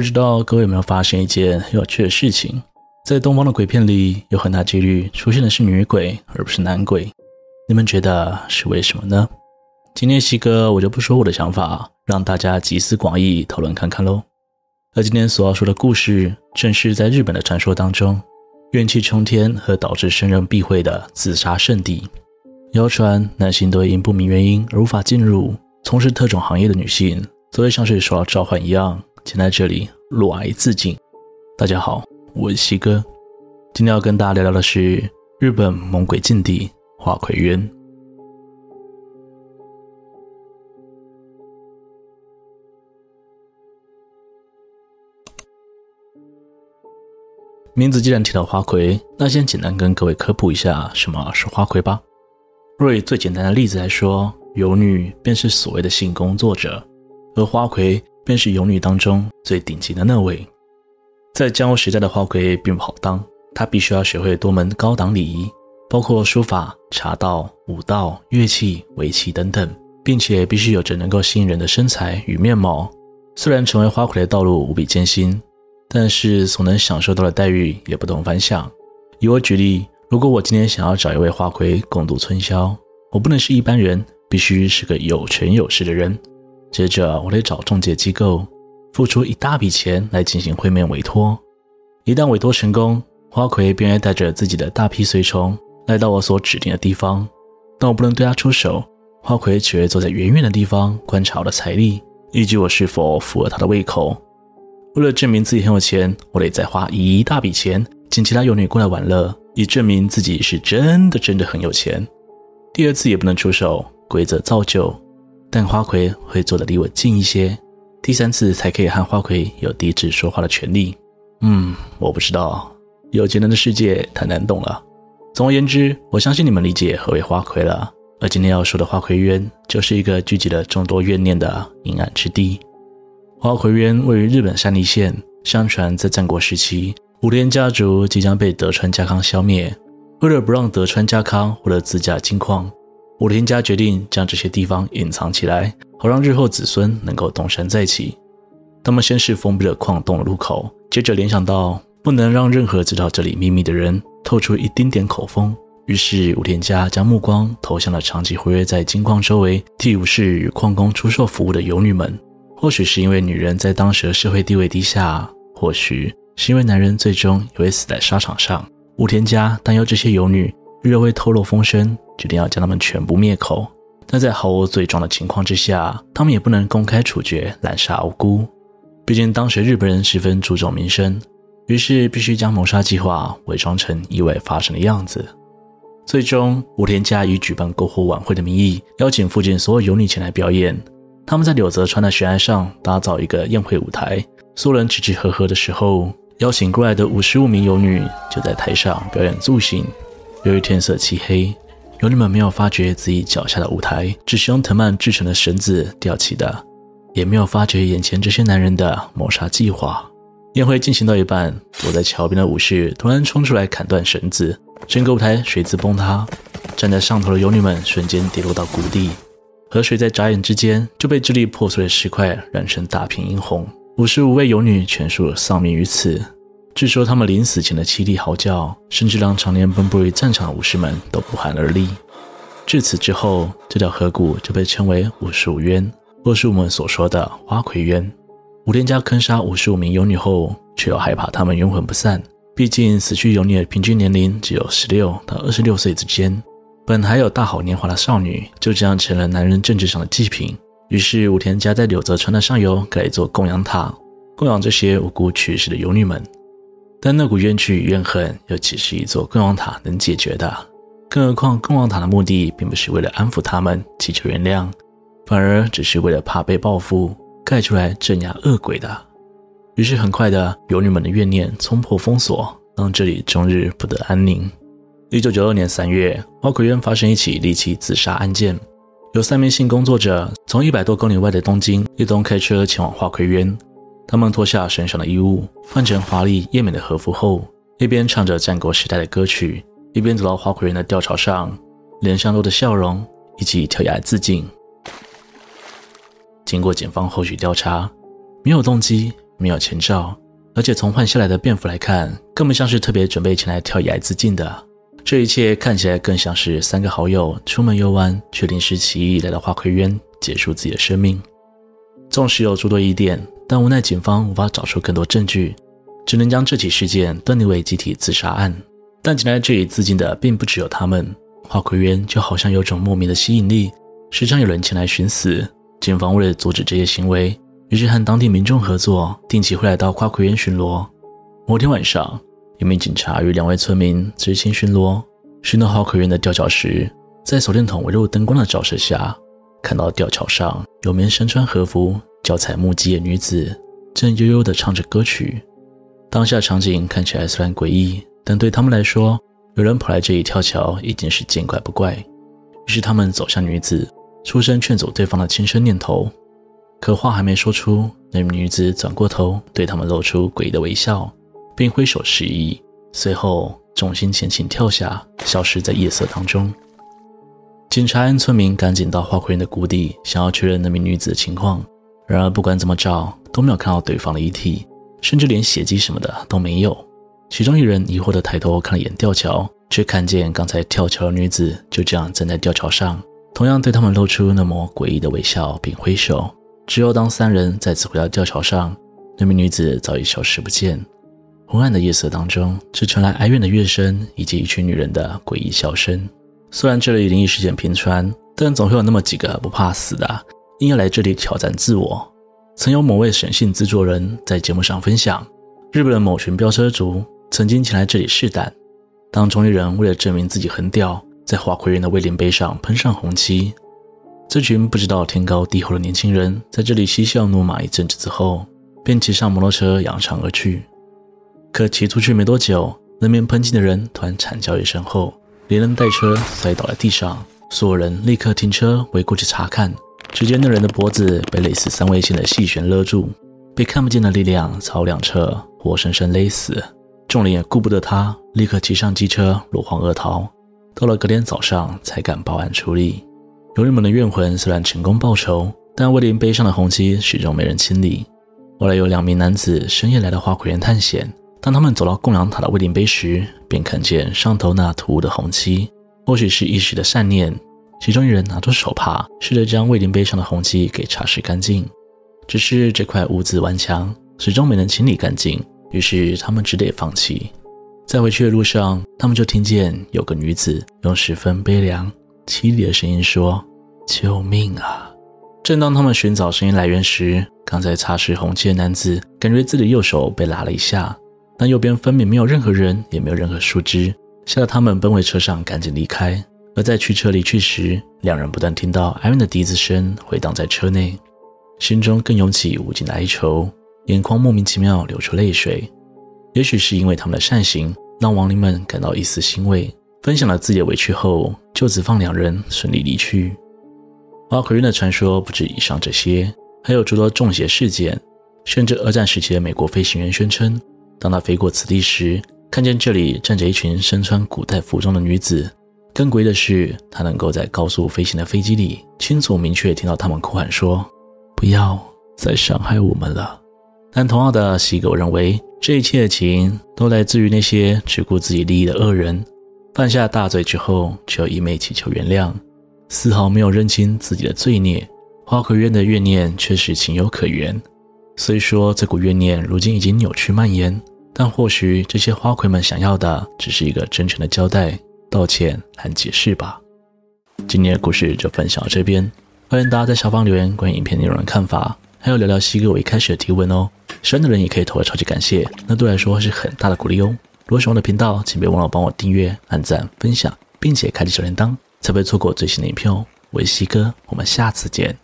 不知道各位有沒有發現一件很有趣的事情？在東方的鬼片裡，有很大幾率出現的是女鬼，而不是男鬼。你們覺得是為什麼呢？今天習哥我就不說我的想法，讓大家集思廣益討論看看嘍。而今天所要說的故事，正是在日本的傳說當中，怨氣沖天和導致生人避諱的自殺聖地。謠傳男性都因不明原因而無法進入，從事特種行業的女性，則會像是受到召喚一樣。前來在這裡落崖自盡。大家好，我是西哥，今天要跟大家聊聊的是日本猛鬼禁地花魁淵。名字既然提到花魁，那先簡單跟各位科普一下什麼是花魁吧。若以最簡單的例子來說，遊女便是所謂的性工作者，而花魁。便是遊女當中最頂級的那位，在江戶時代的花魁並不好當，她必須要學會多門高檔禮儀，包括書法、茶道、舞蹈、樂器、圍棋等等，並且必須有着能夠吸引人的身材與面貌。雖然成為花魁的道路無比艱辛，但是所能享受到的待遇也不同凡響。以我舉例，如果我今天想要找一位花魁共度春宵，我不能是一般人，必須是個有權有勢的人。接着，我得找中介機構，付出一大筆錢來進行會面委托。一旦委托成功，花魁便會帶着自己的大批隨從來到我所指定的地方。但我不能對他出手，花魁只會坐在遠遠的地方觀察我的財力，依據我是否符合他的胃口。為了證明自己很有錢，我得再花一大筆錢請其他遊女過來玩樂，以證明自己是真的真的很有錢。第二次也不能出手，規則照舊。但花魁會坐得離我近一些，第三次才可以和花魁有第一次說話的權利。嗯，我不知道有錢人的世界太難懂了。總而言之，我相信你們理解何為花魁了。而今天要說的花魁淵，就是一個聚集了眾多怨念的陰暗之地。花魁淵位於日本山梨縣，相傳在戰國時期，武田家族即將被德川家康消滅，為了不讓德川家康獲得自家金礦。武田家決定將這些地方隱藏起來，好讓日後子孫能夠東山再起。他們先是封閉了礦洞的入口，接着聯想到不能讓任何知道這裡秘密的人透出一丁點口風，於是武田家將目光投向了長期活躍在金礦周圍、替武士與礦工出售服務的遊女們。或許是因為女人在當時的社會地位低下，或許是因為男人最終也會死在沙場上，武田家擔憂這些遊女。日後會透露風聲，決定要將他們全部滅口。但在毫無罪狀的情況之下，他們也不能公開處決濫殺無辜。畢竟當時日本人十分注重名聲，於是必須將謀殺計劃偽裝成意外發生的樣子。最終，武田家以舉辦篝火晚會的名義，邀請附近所有遊女前來表演。他們在柳澤川的懸崖上打造一個宴會舞台，所有人吃吃喝喝的時候，邀請過來的五十五名遊女就在台上表演助興。由於天色漆黑，遊女們沒有發覺自己腳下的舞台只是用藤蔓製成的繩子吊起的，也沒有發覺眼前這些男人的謀殺計劃。宴會進行到一半，躲在橋邊的武士突然衝出來砍斷繩子，整個舞台隨之崩塌，站在上頭的遊女們瞬間跌落到谷底。河水在眨眼之間就被支離破碎的石塊染成大片殷紅，五十五位遊女全數喪命於此。據說他們臨死前的淒厲嚎叫，甚至讓常年奔波於戰場的武士們都不寒而栗。至此之後，這條河谷就被稱為“五十五淵”，或是我們所說的“花魁淵”。武田家坑殺五十五名遊女後，卻又害怕他們冤魂不散。畢竟死去遊女的平均年齡只有十六到二十六歲之間，本還有大好年華的少女，就這樣成了男人政治上的祭品。於是武田家在柳澤川的上游蓋了一座供養塔，供養這些無辜去世的遊女們。但那股怨氣與怨恨又豈是一座供王塔能解決的？更何況供王塔的目的並不是為了安撫他們、祈求原諒，反而只是為了怕被報復，蓋出來鎮壓惡鬼的。於是很快的，遊女們的怨念衝破封鎖，讓這裡終日不得安寧。一九九二年三月，花魁淵發生一起離奇自殺案件，有三名性工作者從一百多公里外的東京一同開車前往花魁淵。他們脫下身上的衣物，換成華麗豔美的和服後，一邊唱着戰國時代的歌曲，一邊走到花魁淵的吊橋上，臉上露的笑容，一起跳崖自盡。經過警方後續調查，沒有動機，沒有前兆，而且從換下來的便服來看，更不像是特別準備前來跳崖自盡的。這一切看起來更像是三個好友出門遊玩，卻臨時起意來到花魁淵結束自己的生命。縱使有諸多疑點，但無奈警方無法找出更多證據，只能將這起事件斷定為集體自殺案。但前來這裡自盡的並不只有他們，花魁淵就好像有種莫名的吸引力，時常有人前來尋死。警方為了阻止這些行為，於是和當地民眾合作，定期會來到花魁淵巡邏。某天晚上，一名警察與兩位村民執行巡邏，巡邏花魁淵的吊橋時，在手電筒微弱燈光的照射下，看到吊橋上有名身穿和服。腳踩木屐的女子正悠悠地唱着歌曲，當下場景看起來雖然詭異，但對他們來說，有人跑來這裡跳橋已經是見怪不怪。於是他們走向女子，出聲勸阻對方的輕生念頭。可話還沒說出，那名女子轉過頭，對他們露出詭異的微笑，並揮手示意，隨後重心前傾跳下，消失在夜色當中。警察和村民趕緊到花魁淵的谷底，想要確認那名女子的情況。然而，不管怎麼找，都沒有看到對方的遺體，甚至連血跡什麼的都沒有。其中一人疑惑地抬頭看了一眼吊橋，卻看見剛才跳橋的女子就這樣站在吊橋上，同樣對他們露出那麼詭異的微笑，並揮手。只有當三人再次回到吊橋上，那名女子早已消失不見。昏暗的夜色當中，只傳來哀怨的樂聲以及一群女人的詭異笑聲。雖然這裡靈異事件頻傳，但總會有那麼幾個不怕死的。硬要來這裡挑戰自我。曾有某位沈姓製作人在節目上分享，日本的某群飆車族曾經前來這裡試膽，當中一人為了證明自己很屌，在花魁淵的慰靈碑上噴上紅漆。這群不知道天高地厚的年輕人在這裡嬉笑怒罵一陣子之後，便騎上摩托車揚長而去。可騎出去沒多久，那名噴漆的人突然慘叫一聲後，連人帶車摔倒在地上，所有人立刻停車圍過去查看。只見那人的脖子被類似三味線的細弦勒住，被看不見的力量朝兩側活生生勒死。眾人也顧不得他，立刻騎上機車落荒而逃。到了隔天早上，才敢報案處理。遊女們的怨魂雖然成功報仇，但慰靈碑上的紅漆始終，終沒人清理。後來有兩名男子深夜來到花魁淵探險，當他們走到供養塔的慰靈碑時，便看見上頭那突兀的紅漆。或許是一時的善念。其中一人拿出手帕，試着將慰靈碑上的紅漆給擦拭乾淨，只是這塊污漬頑強，始終沒能清理乾淨，於是他們只得放棄。在回去的路上，他們就聽見有個女子用十分悲涼、淒厲的聲音說：“救命啊！”正當他們尋找聲音來源時，剛才擦拭紅漆的男子感覺自己右手被拉了一下，但右邊分明沒有任何人，也沒有任何樹枝，嚇得他們奔回車上趕緊離開。而在驅車離去時，兩人不斷聽到艾倫的笛子聲回盪在車內，心中更湧起無盡的哀愁，眼眶莫名其妙流出淚水。也許是因為他們的善行，讓亡靈們感到一絲欣慰，分享了自己的委屈後，就此放兩人順利離去。花魁淵的傳說不止以上這些，還有諸多中邪事件，甚至二戰時期的美國飛行員宣稱，當他飛過此地時，看見這裡站着一群身穿古代服裝的女子。更詭異的是，他能夠在高速飛行的飛機裡清楚明確聽到他們哭喊說：“不要再傷害我們了。”但同樣的，喜狗認為這一切的情都來自於那些只顧自己利益的惡人，犯下大罪之後只有一味祈求原諒，絲毫沒有認清自己的罪孽。花魁淵的怨念確實情有可原，雖說這股怨念如今已經扭曲蔓延，但或許這些花魁們想要的只是一個真誠的交代。道歉和解釋吧。今天的故事就分享到這邊，歡迎大家在下方留言關於影片內容的看法，還有聊聊西哥我一開始的提問哦。喜歡的人也可以投個超級感謝，那對我來說是很大的鼓勵哦。如果喜歡我的頻道，請別忘了幫我訂閱、按讚、分享，並且開啟小鈴鐺，才不會錯過最新的影片哦。我是西哥，我們下次見。